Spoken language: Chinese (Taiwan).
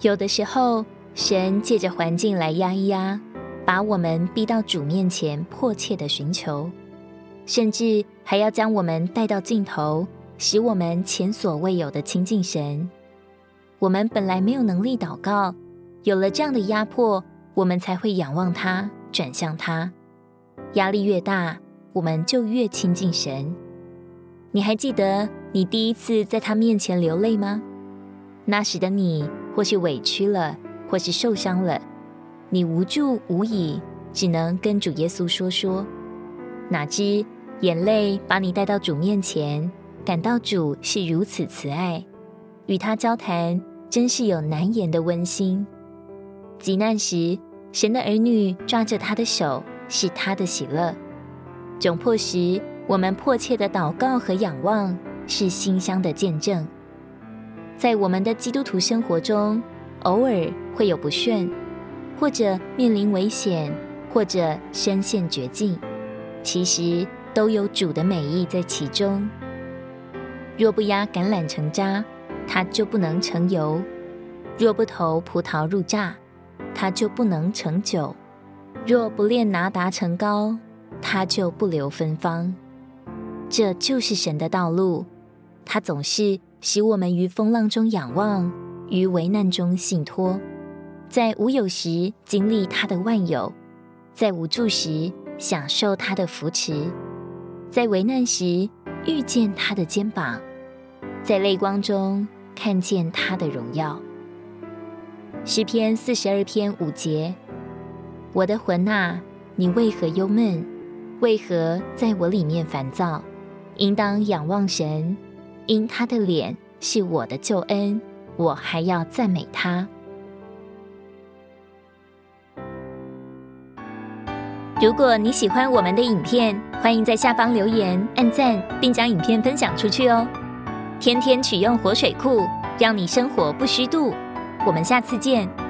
有的時候，神借着環境來壓一壓，把我們逼到主面前，迫切的尋求，甚至還要將我們帶到盡頭，使我們前所未有的親近神。我們本來沒有能力禱告，有了這樣的壓迫，我們才會仰望他，轉向他。壓力越大，我們就越親近神。你還記得你第一次在他面前流淚嗎？那時的你。或是委屈了，或是受傷了，你無助無以，只能跟主耶穌說說。哪知眼淚把你帶到主面前，感到主是如此慈愛，與他交談真是有難言的溫馨。急難時，神的兒女抓着他的手，是他的喜樂；窘迫時，我們迫切的禱告和仰望，是心香的見證。在我們的基督徒生活中，偶爾會有不順，或者面臨危險，或者身陷絕境，其實都有主的美意在其中。若不壓橄欖成渣，它就不能成油；若不投葡萄入榨，它就不能成酒；若不煉拿達成膏，它就不留芬芳。這就是神的道路，它總是。使我們於風浪中仰望，於危難中信托，在無有時經歷他的萬有，在無助時享受他的扶持，在危難時遇見他的肩膀，在淚光中看見他的榮耀。詩篇四十二篇五節：我的魂哪，你為何憂悶？為何在我裡面煩躁？應當仰望神。因他的臉是我的救恩，我還要讚美他。如果你喜歡我們的影片，歡迎在下方留言、按讚，並將影片分享出去哦！天天取用活水庫，讓你生活不虛度。我們下次見。